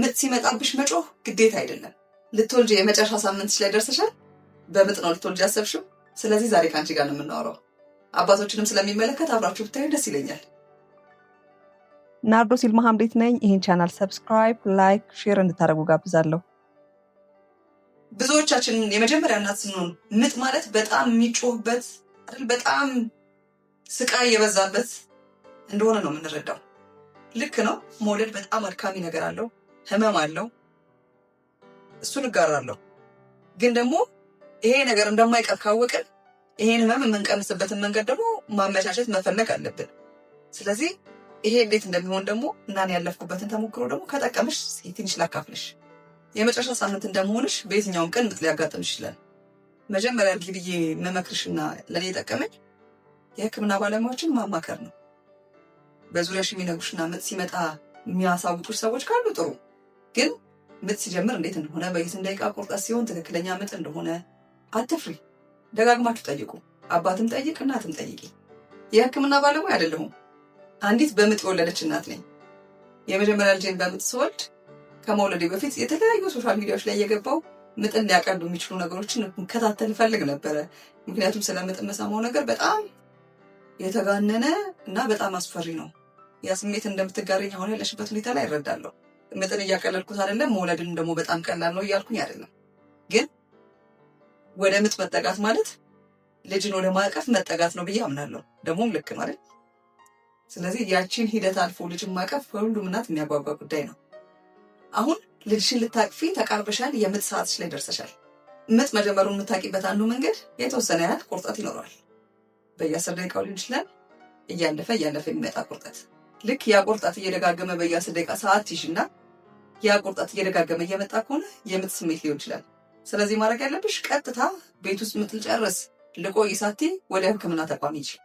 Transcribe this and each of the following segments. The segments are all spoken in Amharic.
ምጥ ሲመጣብሽ መጮህ ግዴታ አይደለም። ልትወልጅ የመጨረሻ ሳምንትሽ ላይ ደርሰሻል። በምጥ ነው ልትወልጅ ያሰብሽው። ስለዚህ ዛሬ ከአንቺ ጋር ነው የምናወራው። አባቶችንም ስለሚመለከት አብራችሁ ብታዩ ደስ ይለኛል። ናርዶስ ይልማ ሐምዴት ነኝ። ይህን ቻናል ሰብስክራይብ፣ ላይክ፣ ሼር እንድታደርጉ ጋብዛለሁ። ብዙዎቻችን የመጀመሪያ እናት ስንሆን ምጥ ማለት በጣም የሚጮህበት በጣም ስቃይ የበዛበት እንደሆነ ነው የምንረዳው። ልክ ነው። መውለድ በጣም አድካሚ ነገር አለው። ህመም አለው። እሱን እጋራለሁ። ግን ደግሞ ይሄ ነገር እንደማይቀር ካወቅን ይሄን ህመም የምንቀንስበትን መንገድ ደግሞ ማመቻቸት መፈለግ አለብን። ስለዚህ ይሄ እንዴት እንደሚሆን ደግሞ እናን ያለፍኩበትን ተሞክሮ ደግሞ ከጠቀምሽ ትንሽ ላካፍልሽ። የመጨረሻ ሳምንት እንደመሆንሽ በየትኛውም ቀን ምጥ ሊያጋጥምሽ ይችላል። መጀመሪያ እርጊ ብዬ መመክርሽና ለእኔ የጠቀመኝ የህክምና ባለሙያዎችን ማማከር ነው። በዙሪያሽ የሚነግሩሽና ምጥ ሲመጣ የሚያሳውቁሽ ሰዎች ካሉ ጥሩ ግን ምጥ ሲጀምር እንዴት እንደሆነ በየትን ደቂቃ ቁርጠት ሲሆን ትክክለኛ ምጥ እንደሆነ አትፍሪ። ደጋግማችሁ ጠይቁ። አባትም ጠይቅ፣ እናትም ጠይቂ። የህክምና ባለሙያ አይደለሁም። አንዲት በምጥ የወለደች እናት ነኝ። የመጀመሪያ ልጄን በምጥ ስወልድ ከመውለዴ በፊት የተለያዩ ሶሻል ሚዲያዎች ላይ እየገባው ምጥን ሊያቀሉ የሚችሉ ነገሮችን እንከታተል እፈልግ ነበረ። ምክንያቱም ስለ ምጥ የምሰማው ነገር በጣም የተጋነነ እና በጣም አስፈሪ ነው። ያ ስሜት እንደምትጋረኝ አሁን ያለሽበት ሁኔታ ላይ እረዳለሁ። ምጥን እያቀለልኩት አይደለም፣ መውለድን ደግሞ በጣም ቀላል ነው እያልኩኝ አይደለም። ግን ወደ ምጥ መጠጋት ማለት ልጅን ወደ ማቀፍ መጠጋት ነው ብዬ አምናለሁ። ደግሞም ልክ ማለት ስለዚህ ያቺን ሂደት አልፎ ልጅን ማቀፍ በሁሉም እናት የሚያጓጓ ጉዳይ ነው። አሁን ልጅሽን ልታቅፊ ተቃርበሻል። የምጥ ሰዓትሽ ላይ ደርሰሻል። ምጥ መጀመሩን የምታቂበት አንዱ መንገድ የተወሰነ ያህል ቁርጠት ይኖረዋል። በየአስር ደቂቃው ሊሆን ይችላል። እያለፈ እያለፈ የሚመጣ ቁርጠት ልክ ያ ቁርጣት እየደጋገመ በየአስር ደቂቃ ሰዓት ይሽና ያ ቁርጣት እየደጋገመ እየመጣ ከሆነ የምጥ ስሜት ሊሆን ይችላል። ስለዚህ ማድረግ ያለብሽ ቀጥታ ቤት ውስጥ ምጥ ልጨርስ ልቆይ ሳቴ ወደ ሕክምና ተቋም ይችል።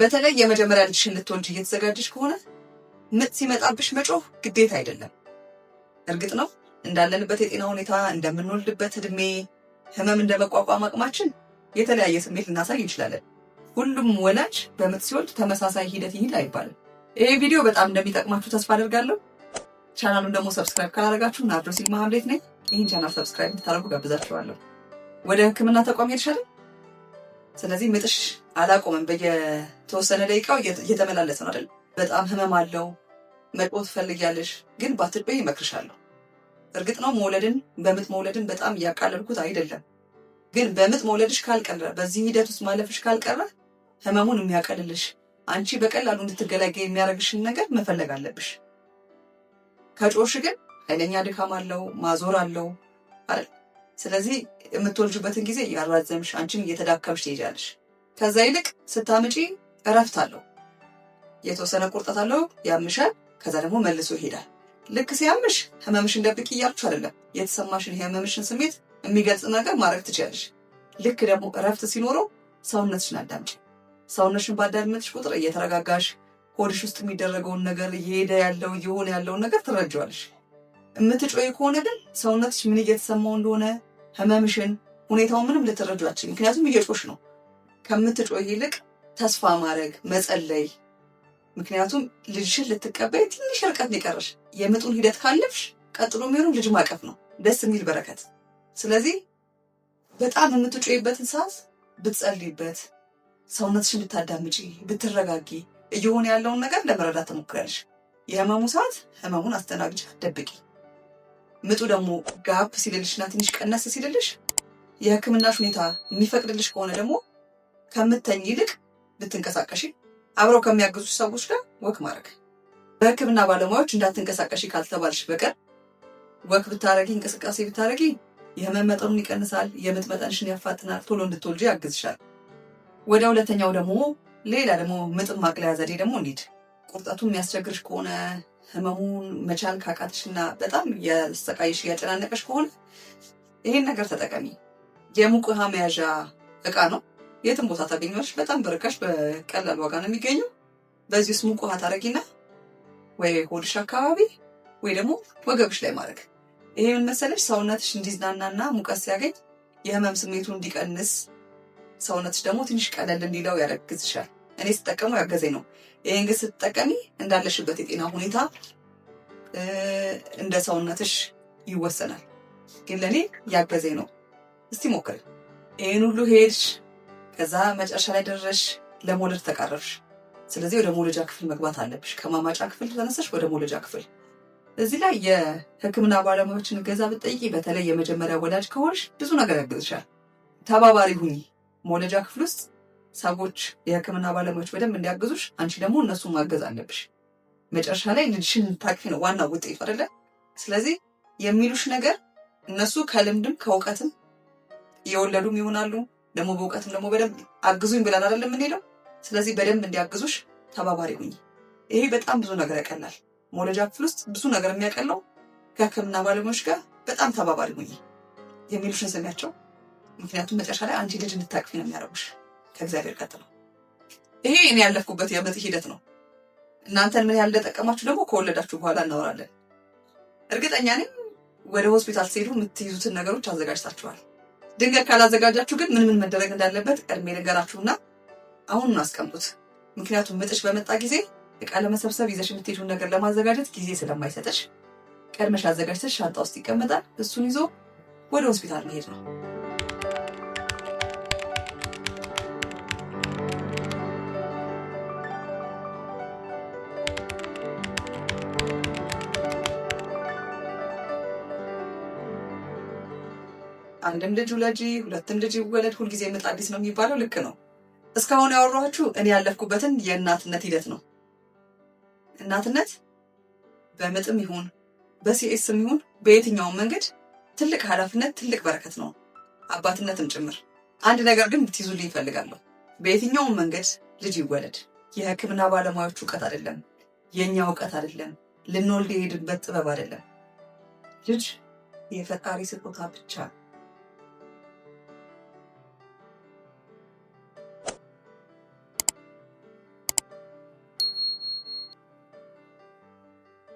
በተለይ የመጀመሪያ ልጅሽን ልትወልጂ እየተዘጋጀሽ ከሆነ ምጥ ሲመጣብሽ መጮህ ግዴታ አይደለም። እርግጥ ነው እንዳለንበት የጤና ሁኔታ፣ እንደምንወልድበት እድሜ፣ ህመም እንደመቋቋም አቅማችን የተለያየ ስሜት ልናሳይ እንችላለን። ሁሉም ወላጅ በምጥ ሲወልድ ተመሳሳይ ሂደት ይሂድ አይባልም። ይሄ ቪዲዮ በጣም እንደሚጠቅማችሁ ተስፋ አደርጋለሁ። ቻናሉን ደግሞ ሰብስክራይብ ካላደረጋችሁ ናርዶ ሲል ማህሌት ነኝ። ይህን ቻናል ሰብስክራይብ እንድታደርጉ ጋብዛችኋለሁ። ወደ ህክምና ተቋም ሄድሻል። ስለዚህ ምጥሽ አላቆመም፣ በየተወሰነ ደቂቃው እየተመላለሰ ነው አይደል? በጣም ህመም አለው። መቆት ትፈልጊያለሽ፣ ግን ባትቆይ ይመክርሻለሁ። እርግጥ ነው መውለድን በምጥ መውለድን በጣም እያቃለልኩት አይደለም፣ ግን በምጥ መውለድሽ ካልቀረ፣ በዚህ ሂደት ውስጥ ማለፍሽ ካልቀረ ህመሙን የሚያቀልልሽ አንቺ በቀላሉ እንድትገላገይ የሚያደርግሽን ነገር መፈለግ አለብሽ። ከጮሽ ግን ኃይለኛ ድካም አለው፣ ማዞር አለው አይደል? ስለዚህ የምትወልጅበትን ጊዜ እያራዘምሽ አንቺን እየተዳከምሽ ትሄጃለሽ። ከዛ ይልቅ ስታምጪ እረፍት አለው፣ የተወሰነ ቁርጠት አለው፣ ያምሻል፣ ከዛ ደግሞ መልሶ ይሄዳል። ልክ ሲያምሽ ህመምሽን ደብቂ እያልኩሽ አይደለም። የተሰማሽን የህመምሽን ስሜት የሚገልጽ ነገር ማድረግ ትችላለሽ። ልክ ደግሞ እረፍት ሲኖረው ሰውነትሽን አዳምጪ። ሰውነሽን ባዳመጥሽ ቁጥር እየተረጋጋሽ ሆድሽ ውስጥ የሚደረገውን ነገር እየሄደ ያለው እየሆነ ያለውን ነገር ትረጃዋለሽ። የምትጮይ ከሆነ ግን ሰውነትሽ ምን እየተሰማው እንደሆነ ህመምሽን፣ ሁኔታውን ምንም ልትረጃች ምክንያቱም እየጮሽ ነው። ከምትጮይ ይልቅ ተስፋ ማድረግ መጸለይ። ምክንያቱም ልጅሽን ልትቀበይ ትንሽ ርቀት ሊቀርሽ፣ የምጡን ሂደት ካለፍሽ ቀጥሎ የሚሆኑ ልጅ ማቀፍ ነው፣ ደስ የሚል በረከት። ስለዚህ በጣም የምትጮይበትን ሰዓት ብትጸልይበት ሰውነትሽን ብታዳምጪ ብትረጋጊ እየሆነ ያለውን ነገር ለመረዳት ትሞክሪያለሽ። የህመሙ ሰዓት ህመሙን አስተናግጅ ደብቂ። ምጡ ደግሞ ጋብ ሲልልሽና ትንሽ ቀነስ ሲልልሽ የህክምናሽ ሁኔታ የሚፈቅድልሽ ከሆነ ደግሞ ከምተኝ ይልቅ ብትንቀሳቀሺ፣ አብረው ከሚያግዙ ሰዎች ጋር ወክ ማድረግ። በህክምና ባለሙያዎች እንዳትንቀሳቀሺ ካልተባልሽ በቀር ወክ ብታረጊ፣ እንቅስቃሴ ብታረጊ የህመም መጠኑን ይቀንሳል፣ የምጥ መጠንሽን ያፋጥናል፣ ቶሎ እንድትወልጂ ያግዝሻል። ወደ ሁለተኛው ደግሞ ሌላ ደግሞ ምጥን ማቅለያ ዘዴ ደግሞ እንሂድ። ቁርጠቱ የሚያስቸግርሽ ከሆነ ህመሙን መቻል ካቃትሽና በጣም የሰቃይሽ እያጨናነቀሽ ከሆነ ይሄን ነገር ተጠቀሚ። የሙቅ ውሃ መያዣ እቃ ነው። የትም ቦታ ታገኘዋለሽ። በጣም በርካሽ በቀላል ዋጋ ነው የሚገኘው። በዚህ ውስጥ ሙቅ ውሃ ታረጊና ወይ ሆድሽ አካባቢ ወይ ደግሞ ወገብሽ ላይ ማድረግ። ይሄ ምን መሰለሽ ሰውነትሽ እንዲዝናናና ሙቀት ሲያገኝ የህመም ስሜቱ እንዲቀንስ ሰውነትሽ ደግሞ ትንሽ ቀለል እንዲለው ያረግዝሻል። እኔ ስጠቀሙ ያገዘኝ ነው። ይህን ግን ስትጠቀሚ እንዳለሽበት የጤና ሁኔታ እንደ ሰውነትሽ ይወሰናል። ግን ለእኔ ያገዘኝ ነው። እስቲ ሞክር። ይህን ሁሉ ሄድሽ፣ ከዛ መጨረሻ ላይ ደረሽ፣ ለመውለድ ተቃረብሽ። ስለዚህ ወደ መውለጃ ክፍል መግባት አለብሽ። ከማማጫ ክፍል ተነሰሽ ወደ መውለጃ ክፍል እዚህ ላይ የሕክምና ባለሙያዎችን እገዛ ብትጠይቂ በተለይ የመጀመሪያ ወላጅ ከሆንሽ ብዙ ነገር ያግዝሻል። ተባባሪ ሁኚ። መውለጃ ክፍል ውስጥ ሰዎች የህክምና ባለሙያዎች በደንብ እንዲያግዙሽ፣ አንቺ ደግሞ እነሱ ማገዝ አለብሽ። መጨረሻ ላይ ልጅሽን ታቅፊ ነው ዋና ውጤት አይደለ? ስለዚህ የሚሉሽ ነገር እነሱ ከልምድም ከእውቀትም የወለዱም ይሆናሉ ደግሞ በእውቀትም ደግሞ በደንብ አግዙኝ ብለን አይደለም የምንሄደው። ስለዚህ በደንብ እንዲያግዙሽ ተባባሪ ሁኝ። ይሄ በጣም ብዙ ነገር ያቀላል። መውለጃ ክፍል ውስጥ ብዙ ነገር የሚያቀለው ከህክምና ባለሙያዎች ጋር በጣም ተባባሪ ሁኝ የሚሉሽን ስሚያቸው ምክንያቱም መጨረሻ ላይ አንቺ ልጅ እንድታቅፊ ነው የሚያደርጉሽ ከእግዚአብሔር ቀጥሎ። ይሄ እኔ ያለፍኩበት የእምነት ሂደት ነው። እናንተን ምን ያህል እንደጠቀማችሁ ደግሞ ከወለዳችሁ በኋላ እናወራለን። እርግጠኛ ነኝ ወደ ሆስፒታል ሲሄዱ የምትይዙትን ነገሮች አዘጋጅታችኋል። ድንገት ካላዘጋጃችሁ ግን ምን ምን መደረግ እንዳለበት ቀድሜ ነገራችሁና አሁን አስቀምጡት። ምክንያቱም ምጥሽ በመጣ ጊዜ እቃ ለመሰብሰብ ይዘሽ የምትሄዱን ነገር ለማዘጋጀት ጊዜ ስለማይሰጠሽ ቀድመሽ አዘጋጅተሽ ሻንጣ ውስጥ ይቀመጣል። እሱን ይዞ ወደ ሆስፒታል መሄድ ነው። አንድም ልጅ ውለጂ፣ ሁለትም ልጅ ይወለድ፣ ሁልጊዜ ምጥ አዲስ ነው የሚባለው ልክ ነው። እስካሁን ያወራችሁ እኔ ያለፍኩበትን የእናትነት ሂደት ነው። እናትነት በምጥም ይሁን በሲኤስም ይሁን በየትኛውም መንገድ ትልቅ ኃላፊነት፣ ትልቅ በረከት ነው፣ አባትነትም ጭምር። አንድ ነገር ግን ብትይዙልኝ ይፈልጋለሁ። በየትኛውም መንገድ ልጅ ይወለድ የህክምና ባለሙያዎች እውቀት አይደለም፣ የእኛ እውቀት አይደለም፣ ልንወልድ የሄድንበት ጥበብ አይደለም። ልጅ የፈጣሪ ስጦታ ብቻ